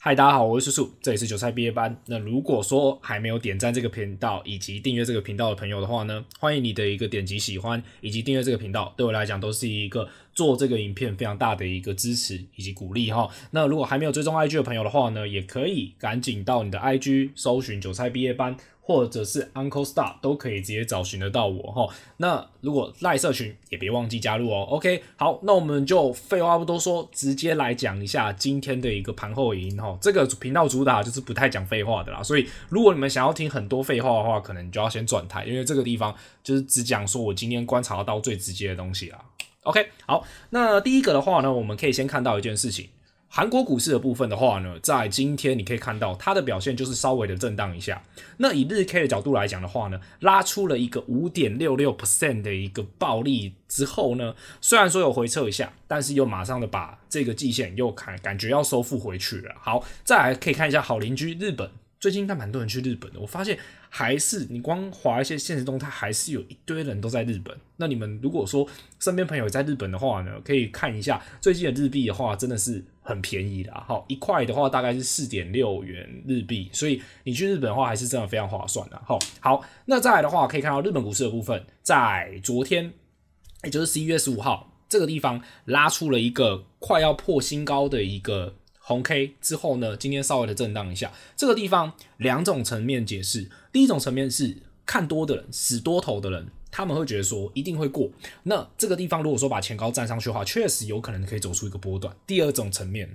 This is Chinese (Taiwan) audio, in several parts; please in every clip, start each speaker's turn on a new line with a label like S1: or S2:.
S1: 嗨，大家好，我是叔叔，這裡是韭菜畢業班。那如果說還沒有點贊這個頻道以及訂閱這個頻道的朋友的話呢，歡迎你的一個點擊喜歡以及訂閱這個頻道，對我來講都是一個做這個影片非常大的一個支持以及鼓勵哈。那如果還沒有追蹤 IG 的朋友的話呢，也可以趕緊到你的 IG 搜尋韭菜畢業班。或者是 Uncle Stock 都可以直接找尋得到我哈。那如果 Line 社群，也別忘記加入哦、喔。OK，好，那我們就廢話不多說，直接來講一下今天的一個盤後影音哈。這個頻道主打就是不太講廢話的啦，所以如果你們想要聽很多廢話的話，可能就要先轉台，因為這個地方就是只講說我今天觀察到最直接的東西啊。OK，好，那第一個的話呢，我們可以先看到一件事情。韓國股市的部分的話呢，在今天你可以看到它的表現就是稍微的震盪一下。那以日 K 的角度來講的話呢，拉出了一個五點六六 percent 的一個暴力之後呢，雖然說有回撤一下，但是又馬上的把這個季線又看，感覺要收復回去了。好，再來可以看一下好鄰居日本，最近應該蠻多人去日本的，我發現。還是你光滑一些限時動態，它還是有一堆人都在日本。那你們如果說身邊朋友在日本的話呢，可以看一下最近的日幣的話，真的是很便宜的。好，一塊的話大概是四點六元日幣，所以你去日本的話還是真的非常划算的。好，好，那再來的話可以看到日本股市的部分，在昨天，也就是十一月十五號這個地方拉出了一個快要破新高的一個。紅 K 之後呢，今天稍微的震盪一下，這個地方兩種層面解釋。第一種層面是看多的人、死多頭的人，他們會覺得說一定會過。那這個地方如果說把前高站上去的話，確實有可能可以走出一個波段。第二種層面，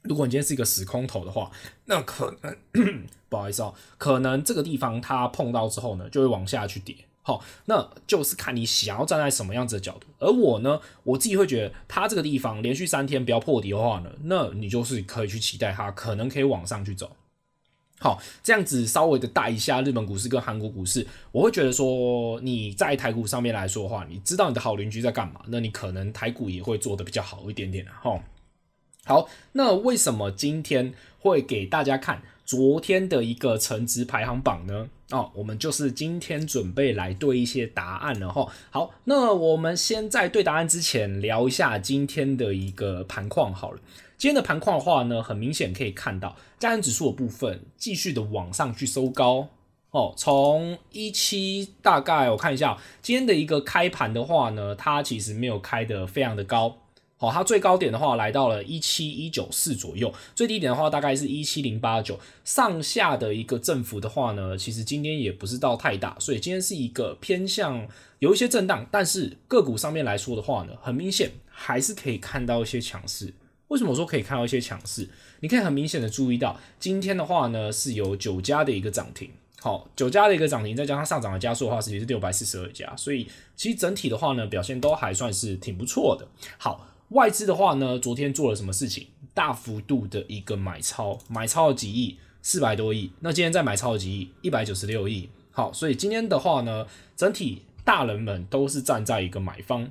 S1: 如果你今天是一個死空頭的話，那可能呵呵不好意思哦，可能這個地方它碰到之後呢，就會往下去跌。好，那就是看你想要站在什麼樣子的角度。而我呢，我自己會覺得，它這個地方連續三天不要破底的話呢，那你就是可以去期待它可能可以往上去走。好，這樣子稍微的帶一下日本股市跟韓國股市，我會覺得說你在台股上面來說的話，你知道你的好鄰居在幹嘛，那你可能台股也會做得比較好一點點啊。哈。好，那為什麼今天會給大家看？昨天的一個成值排行榜呢，哦，我們就是今天準備來對一些答案了哈。好，那我們先在對答案之前聊一下今天的一個盤況好了。今天的盤況的話呢，很明顯可以看到，加權指數的部分繼續的往上去收高哦。從一七大概我看一下，今天的一個開盤的話呢，它其實沒有開得非常的高。哦，它最高點的話來到了一七一九四左右，最低點的話大概是一七零八九，上下的一個振幅的話呢，其實今天也不是到太大，所以今天是一個偏向有一些震盪，但是個股上面來說的話呢，很明顯還是可以看到一些強勢。為什麼說可以看到一些強勢？你可以很明顯的注意到，今天的話呢是有九家的一個漲停，好，九家的一個漲停，再加上它上漲的家數的話，實際是六百四十二家，所以其實整體的話呢，表現都還算是挺不錯的。好。外資的話呢，昨天做了什麼事情？大幅度的一個買超，買超了幾億，四百多億。那今天再買超幾億，一百九十六億。好，所以今天的話呢，整體大人們都是站在一個買方。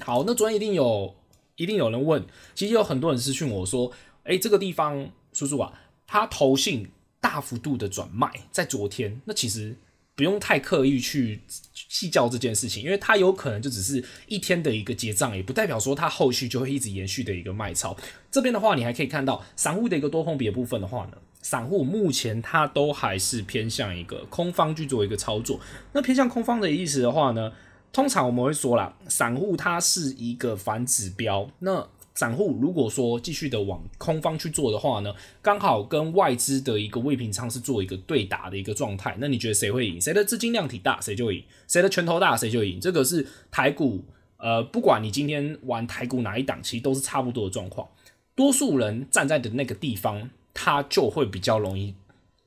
S1: 好，那昨天一定有，一定有人問，其實有很多人私訊我說，哎、欸，這個地方，叔叔啊，他投信大幅度的轉賣在昨天，那其實不用太刻意去。細教這件事情，因為它有可能就只是一天的一個結賬，也不代表說它後續就會一直延續的一個賣超。這邊的話，你還可以看到散戶的一個多空比部分的話呢，散戶目前它都還是偏向一個空方去做一個操作。那偏向空方的意思的話呢，通常我們會說啦，散戶它是一個反指標。那散戶如果說繼續的往空方去做的話呢，剛好跟外資的一個未平倉是做一個對打的一個狀態。那你覺得誰會贏？誰的資金量體大，誰就贏；誰的拳頭大，誰就贏。這個是台股，呃，不管你今天玩台股哪一檔，其實都是差不多的狀況。多數人站在的那個地方，他就會比較容易。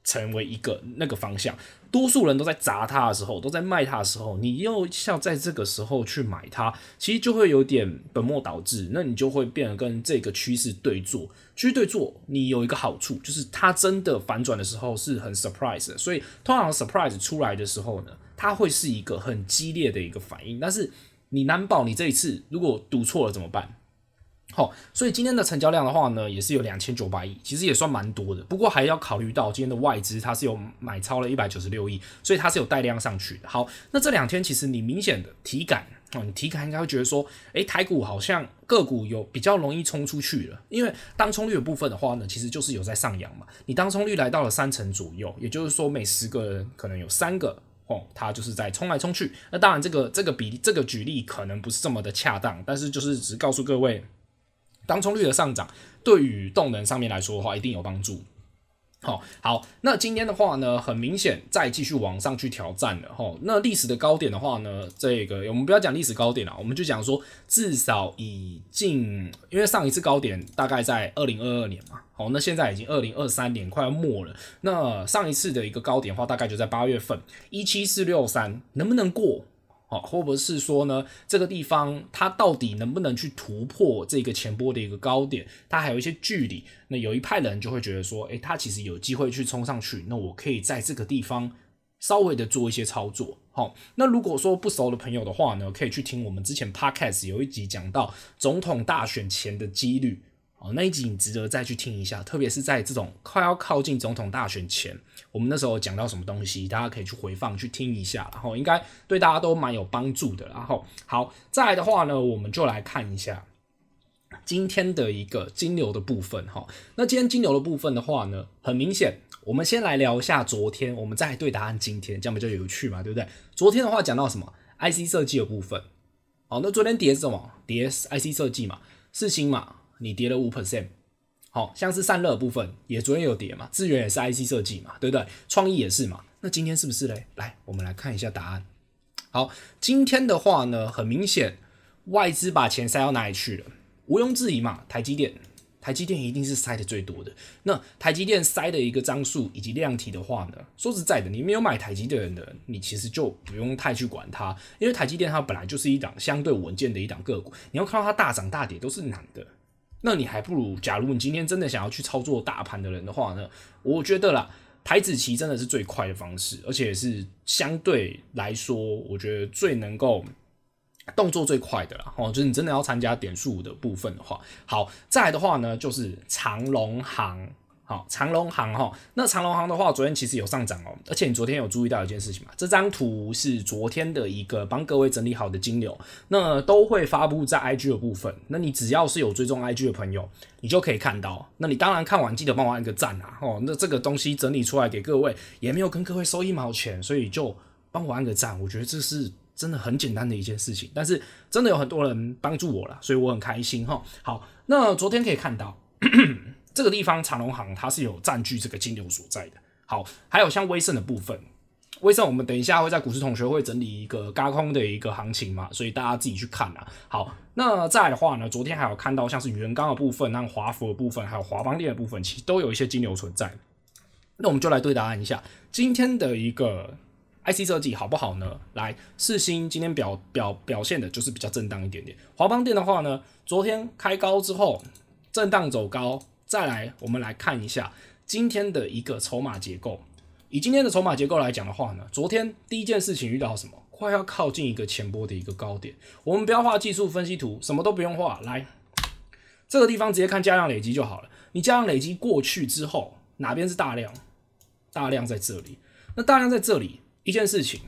S1: 成為一個那個方向，多數人都在砸它的時候，都在賣它的時候，你又像在這個時候去買它，其實就會有點本末倒置。那你就會變得跟這個趨勢對做。趨勢對做，你有一個好處就是它真的反轉的時候是很 surprise 的。所以通常 surprise 出來的時候呢，它會是一個很激烈的一個反應。但是你難保你這一次如果賭錯了怎麼辦？好、哦，所以今天的成交量的話呢，也是有兩千九百億，其實也算蠻多的。不過還要考慮到今天的外資，它是有買超了一百九十六億，所以它是有帶量上去的。好，那這兩天其實你明顯的體感，哦，你體感應該會覺得說，誒，台股好像個股有比較容易衝出去了，因為當衝率的部分的話呢，其實就是有在上揚嘛。你當衝率來到了三成左右，也就是說每十個人可能有三個哦，它就是在衝來衝去。那當然這個這個比例，這個舉例可能不是這麼的恰當，但是就是只告訴各位。當沖率的上漲，對於動能上面來說的話，一定有幫助。好、哦，好，那今天的話呢，很明顯再繼續往上去挑戰了哈、哦。那歷史的高點的話呢，這個我們不要講歷史高點了，我們就講說至少已經，因為上一次高點大概在二零二二年嘛。好、哦，那現在已經二零二三年快要末了，那上一次的一個高點的話，大概就在八月份一七四六三，17463, 能不能過？哦，或者是說呢，這個地方它到底能不能去突破這個前波的一個高點？它還有一些距離。那有一派人就會覺得說，哎、欸，它其實有機會去衝上去。那我可以在這個地方稍微的做一些操作。好，那如果說不熟的朋友的話呢，可以去聽我們之前 podcast 有一集講到總統大選前的幾率。哦，那一集你值得再去聽一下，特別是在這種快要靠近總統大選前，我們那時候講到什麼東西，大家可以去回放去聽一下，然後應該對大家都蠻有幫助的。然後好，再來的話呢，我們就來看一下今天的一個金流的部分哈。那今天金流的部分的話呢，很明顯，我們先來聊一下昨天，我們再對答案，今天這樣比較有趣嘛，對不對？昨天的話講到什麼？IC 設計的部分。哦，那昨天跌什麼？跌 IC 設計嘛，世芯嘛。你跌了五 percent，好像是散熱部分也昨天有跌嘛，資源也是 IC 設計嘛，對不對？創意也是嘛，那今天是不是嘞？來，我們來看一下答案。好，今天的話呢，很明顯外資把錢塞到哪裡去了？毋庸置疑嘛，台積電，台積電一定是塞的最多的。那台積電塞的一個張數以及量體的話呢，說實在的，你沒有買台積電的人，你其實就不用太去管它，因為台積電它本來就是一檔相對穩健的一檔個股，你要看到它大漲大跌都是難的。那你還不如，假如你今天真的想要去操作大盤的人的話呢，我覺得啦，台指期真的是最快的方式，而且是相對來說，我覺得最能夠動作最快的啦。哦，就是你真的要參加點數的部分的話，好，再來的話呢，就是長龍行。長榮航哈，那長榮航的話，昨天其實有上漲哦，而且你昨天有注意到一件事情嘛？這張圖是昨天的一個幫各位整理好的金流，那都會發布在 IG 的部分，那你只要是有追蹤 IG 的朋友，你就可以看到。那你當然看完記得幫我按個讚啊！哦，那這個東西整理出來給各位，也沒有跟各位收一毛錢，所以就幫我按個讚，我覺得這是真的很簡單的一件事情。但是真的有很多人幫助我了，所以我很開心哈。好，那昨天可以看到。 這個地方長榮航它是有佔據這個金流所在的。好，還有像威盛的部分，威盛我們等一下會在股市同學會整理一個軋空的一個行情嘛，所以大家自己去看啦。好，那再來的話呢，昨天還有看到像是元順剛的部分，那華福的部分、還有華邦電的部分，其實都有一些金流存在。那我們就來對答案一下，今天的一個 IC 設計好不好呢？來，四星今天表表表現的就是比較震盪一點點。華邦電的話呢，昨天開高之後震盪走高。再來，我們來看一下今天的一個籌碼結構。以今天的籌碼結構來講的話呢，昨天第一件事情遇到什麼？快要靠近一個前波的一個高點。我們不要畫技術分析圖，什麼都不用畫。來，這個地方直接看加量累積就好了。你加量累積過去之後，哪邊是大量？大量在這裡。那大量在這裡，一件事情，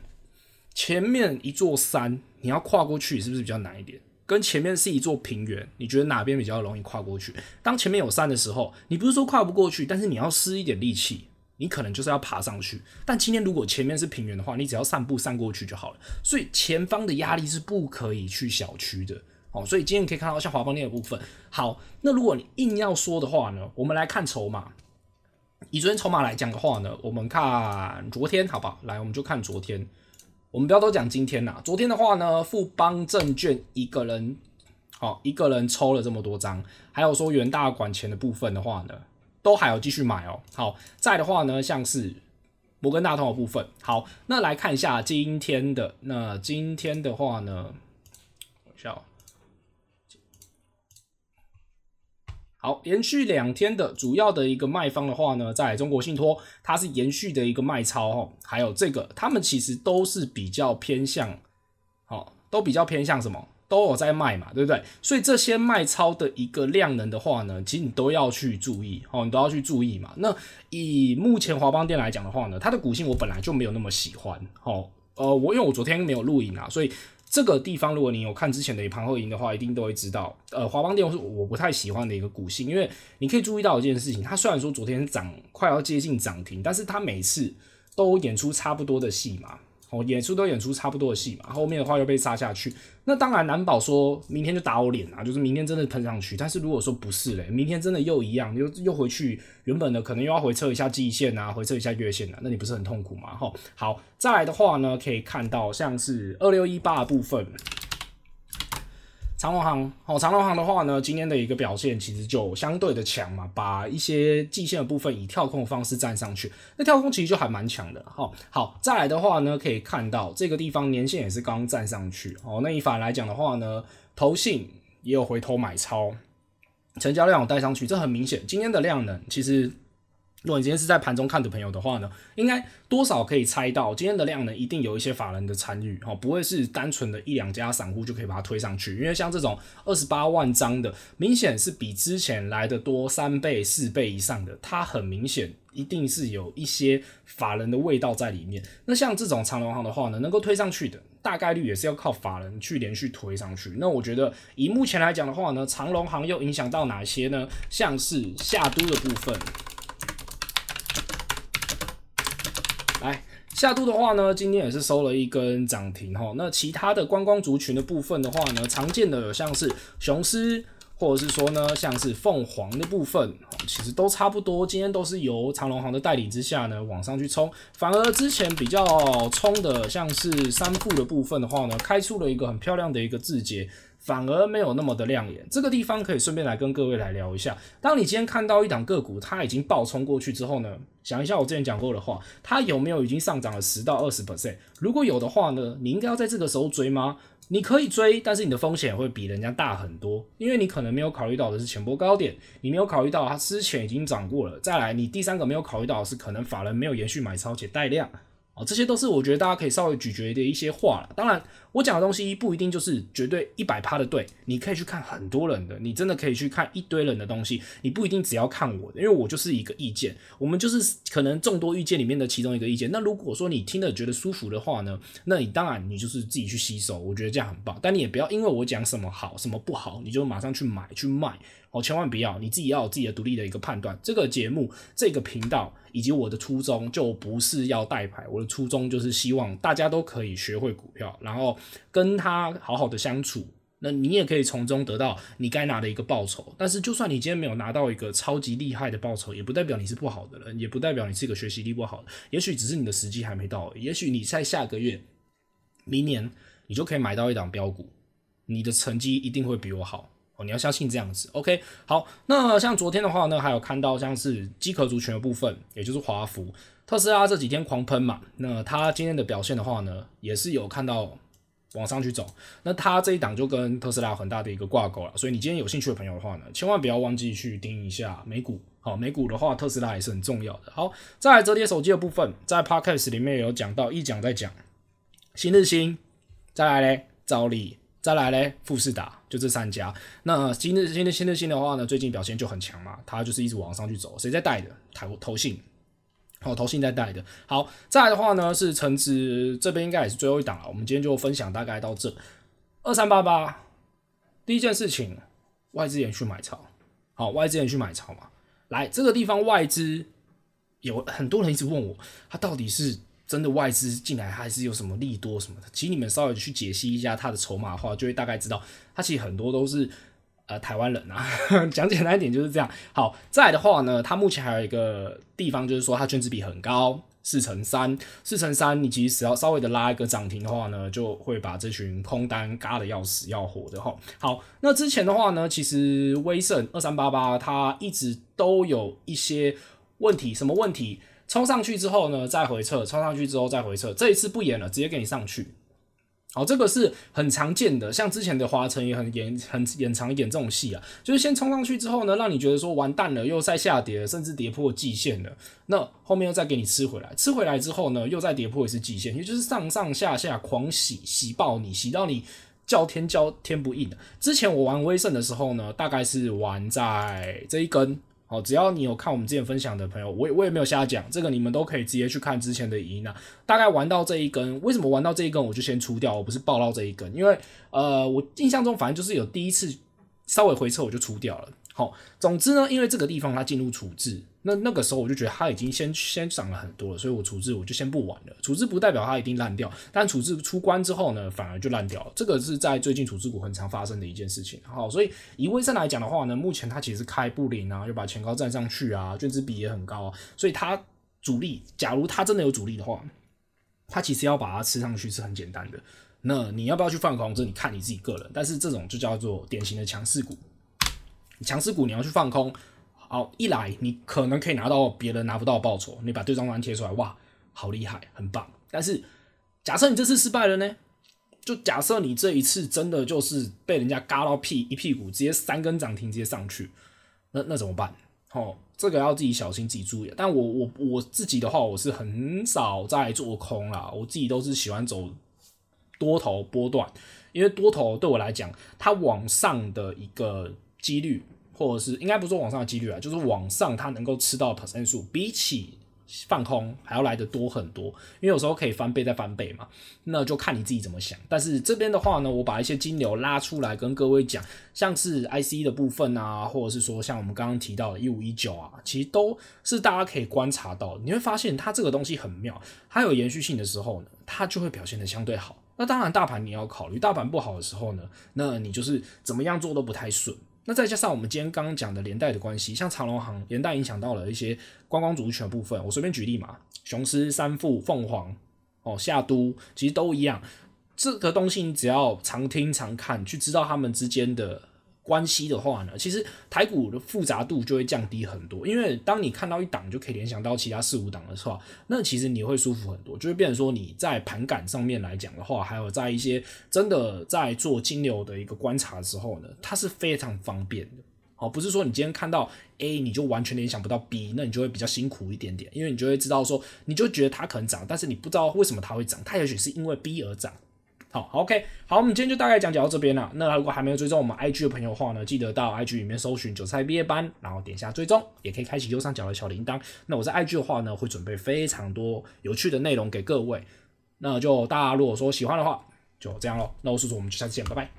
S1: 前面一座山，你要跨過去，是不是比較難一點？跟前面是一座平原，你覺得哪邊比較容易跨過去？當前面有山的時候，你不是說跨不過去，但是你要施一點力氣，你可能就是要爬上去。但今天如果前面是平原的話，你只要散步散過去就好了。所以前方的壓力是不可以去小覷的，哦。所以今天你可以看到像華邦電的部分。好，那如果你硬要說的話呢，我們來看籌碼。以昨天籌碼來講的話呢，我們看昨天，好吧？來，我們就看昨天。我們不要都講今天吶，昨天的話呢，富邦證券一個人，好，一個人抽了這麼多張，還有說元大管錢的部分的話呢，都還要繼續買哦。好，在的話呢，像是摩根大通的部分，好，那來看一下今天的，那今天的話呢，我笑了。好，連續兩天的主要的一個賣方的話呢，在中國信託，它是延續的一個賣超哈，還有這個，他們其實都是比較偏向，好，都比較偏向什麼，都有在賣嘛，對不對？所以這些賣超的一個量能的話呢，其實你都要去注意哦，你都要去注意嘛。那以目前華邦電來講的話呢，它的股性我本來就沒有那麼喜歡，哦，呃，我因為我昨天沒有錄影啊，所以。這個地方，如果你有看之前的盤後影的話，一定都會知道。呃，華邦電是我不太喜歡的一個股性，因為你可以注意到一件事情，它雖然說昨天漲快要接近漲停，但是它每次都演出差不多的戲嘛。哦，演出都演出差不多的戲嘛，後面的話又被殺下去。那當然難保說明天就打我臉啊，就是明天真的噴上去。但是如果說不是嘞，明天真的又一樣，又又回去原本的，可能又要回測一下季線啊，回測一下月線啊。那你不是很痛苦嗎？吼好，再來的話呢，可以看到像是二六一八的部分。長榮航，好，長榮航的話呢，今天的一個表現其實就相對的強嘛，把一些季線的部分以跳空的方式站上去，那跳空其實就還蠻強的，好好再來的話呢，可以看到這個地方年線也是剛站上去，哦，那以法來講的話呢，投信也有回頭買超，成交量有帶上去，這很明顯，今天的量呢，其實。如果你今天是在盤中看的朋友的話呢，應該多少可以猜到今天的量呢，一定有一些法人的參與哈，不會是單純的一兩家散戶就可以把它推上去，因為像這種二十八萬張的，明顯是比之前來得多三倍四倍以上的，它很明顯一定是有一些法人的味道在裡面。那像這種長榮航的話呢，能夠推上去的大概率也是要靠法人去連續推上去。那我覺得以目前來講的話呢，長榮航又影響到哪些呢？像是夏都的部分。來夏都的話呢，今天也是收了一根漲停哈。那其他的觀光族群的部分的話呢，常見的有像是雄獅，或者是說呢像是鳳凰的部分，其實都差不多。今天都是由長榮航的帶領之下呢往上去衝，反而之前比較衝的像是山富的部分的話呢，開出了一個很漂亮的一個字節。反而沒有那麼的亮眼，這個地方可以順便來跟各位來聊一下。當你今天看到一檔個股它已經爆衝過去之後呢，想一下我之前講過的話，它有沒有已經上漲了十到二十 percent？如果有的話呢，你應該要在這個時候追嗎？你可以追，但是你的風險也會比人家大很多，因為你可能沒有考慮到的是前波高點，你沒有考慮到它之前已經漲過了，再來你第三個沒有考慮到的是可能法人沒有延續買超且帶量。哦，這些都是我覺得大家可以稍微咀嚼的一些話啦。當然，我講的東西不一定就是絕對一百趴的對。你可以去看很多人的，你真的可以去看一堆人的東西。你不一定只要看我的，因為我就是一個意見，我們就是可能眾多意見裡面的其中一個意見。那如果說你聽了覺得舒服的話呢，那你當然你就是自己去吸收。我覺得這樣很棒，但你也不要因為我講什麼好什麼不好，你就馬上去買去賣。哦，千萬不要，你自己要有自己的獨立的一個判斷。這個節目、這個頻道以及我的初衷，就不是要帶牌。我的初衷就是希望大家都可以學會股票，然後跟他好好的相處。那你也可以從中得到你該拿的一個報酬。但是，就算你今天沒有拿到一個超級厲害的報酬，也不代表你是不好的人，也不代表你是一個學習力不好的。也許只是你的時機還沒到，也許你在下個月、明年，你就可以買到一檔飆股，你的成績一定會比我好。哦，你要相信這樣子，OK。好，那像昨天的話呢，還有看到像是機殼族群的部分，也就是華孚、特斯拉這幾天狂噴嘛，那它今天的表現的話呢，也是有看到往上去走。那它這一檔就跟特斯拉有很大的一個掛鈎了，所以你今天有興趣的朋友的話呢，千萬不要忘記去盯一下美股。好，美股的話，特斯拉也是很重要的。好，再來折疊手機的部分，在 Podcast 裡面也有講到，一講再講。新日興，再來嘞，兆利。再來嘞，富士達就這三家。那今日、今天新日新，新，新的話呢，最近表現就很強嘛，它就是一直往上去走。誰在帶的？台投信，好、哦，投信在帶的。好，再來的話呢，是橙子這邊應該也是最後一檔了。我們今天就分享大概到這。二三八八，第一件事情，外資也去買超，好，外資也去買超嘛。來，這個地方外資有很多人一直問我，它到底是。真的外資進來還是有什麼利多什麼的？請你們稍微去解析一下它的籌碼的話，就會大概知道它其實很多都是呃台灣人啊。講 簡單一點就是這樣。好，再來的話呢，它目前還有一個地方就是說它券資比很高，四乘三，四乘三。你其實只要稍微的拉一個漲停的話呢，就會把這群空單嘎的要死要活的哈。好，那之前的話呢，其實威盛二三八八它一直都有一些問題，什麼問題？衝上去之後呢，再回撤，衝上去之後再回撤。這一次不演了，直接給你上去。好，這個是很常見的，像之前的華城也很演很演長演這種戲啊，就是先衝上去之後呢，讓你覺得說完蛋了，又再下跌了，甚至跌破季線了。那後面又再給你吃回來，吃回來之後呢，又再跌破一次季線，也就是上上下下狂洗洗，洗爆你，洗到你叫天叫天不應。之前我玩威盛的時候呢，大概是玩在這一根。哦，只要你有看我們之前分享的朋友，我也我也沒有瞎講，這個你們都可以直接去看之前的影音，大概玩到這一根。為什麼玩到這一根我就先出掉？我不是爆料這一根，因為呃，我印象中反正就是有第一次稍微回撤我就出掉了。好，哦，總之呢，因為這個地方它進入處置。那那個時候我就覺得他已經先先漲了很多了，所以我處置我就先不玩了。處置不代表它一定爛掉，但處置出關之後呢，反而就爛掉了。這個是在最近處置股很常發生的一件事情。好，所以以威盛來講的話呢，目前它其實是開布林啊，又把前高站上去啊，券資比也很高，所以它主力，假如它真的有主力的話，它其實要把它吃上去是很簡單的。那你要不要去放空？這你看你自己個人。但是這種就叫做典型的強勢股，強勢股你要去放空。好，一來你可能可以拿到別人拿不到的報酬，你把對帳單貼出來，哇，好厲害，很棒。但是假設你這次失敗了呢？就假設你這一次真的就是被人家嘎到屁一屁股，直接三根漲停直接上去，那那怎麼辦？哦，這個要自己小心自己注意。但我我我自己的話，我是很少在做空啦，我自己都是喜歡走多頭波段，因為多頭對我來講，它往上的一個幾率。或者是應該不說往上的幾率啊，就是往上它能夠吃到的百分數，比起放空還要來得多很多，因為有時候可以翻倍再翻倍嘛。那就看你自己怎麼想。但是這邊的話呢，我把一些金流拉出來跟各位講，像是 IC 的部分啊，或者是說像我們剛剛提到的一五一九啊，其實都是大家可以觀察到，你會發現它這個東西很妙，它有延續性的時候呢，它就會表現得相對好。那當然大盤你要考慮，大盤不好的時候呢，那你就是怎麼樣做都不太順。那再加上我們今天剛剛講的連帶的關係，像長隆行連帶影響到了一些觀光族群的部分，我隨便舉例嘛，雄獅、三富、鳳凰，哦，夏都，其實都一樣。這個東西你只要常聽常看，去知道他們之間的。關係的話呢，其實台股的複雜度就會降低很多，因為當你看到一檔就可以聯想到其他四五檔的時候，那其實你會舒服很多，就會變成說你在盤感上面來講的話，還有在一些真的在做金流的一個觀察的時候呢，它是非常方便的。好，不是說你今天看到 A 你就完全聯想不到 B，那你就會比較辛苦一點點，因為你就會知道說，你就覺得它可能漲，但是你不知道為什麼它會漲，它也許是因為 B 而漲。好，OK，好，我們今天就大概講解到這邊了。那如果還沒有追蹤我們 IG 的朋友的話呢，記得到 IG 裡面搜尋韭菜畢業班，然後點一下追蹤，也可以開啟右上角的小鈴鐺。那我在 IG 的話呢，會準備非常多有趣的內容給各位。那就大家如果說喜歡的話，就這樣咯。那我是叔，我們就下次見，拜拜。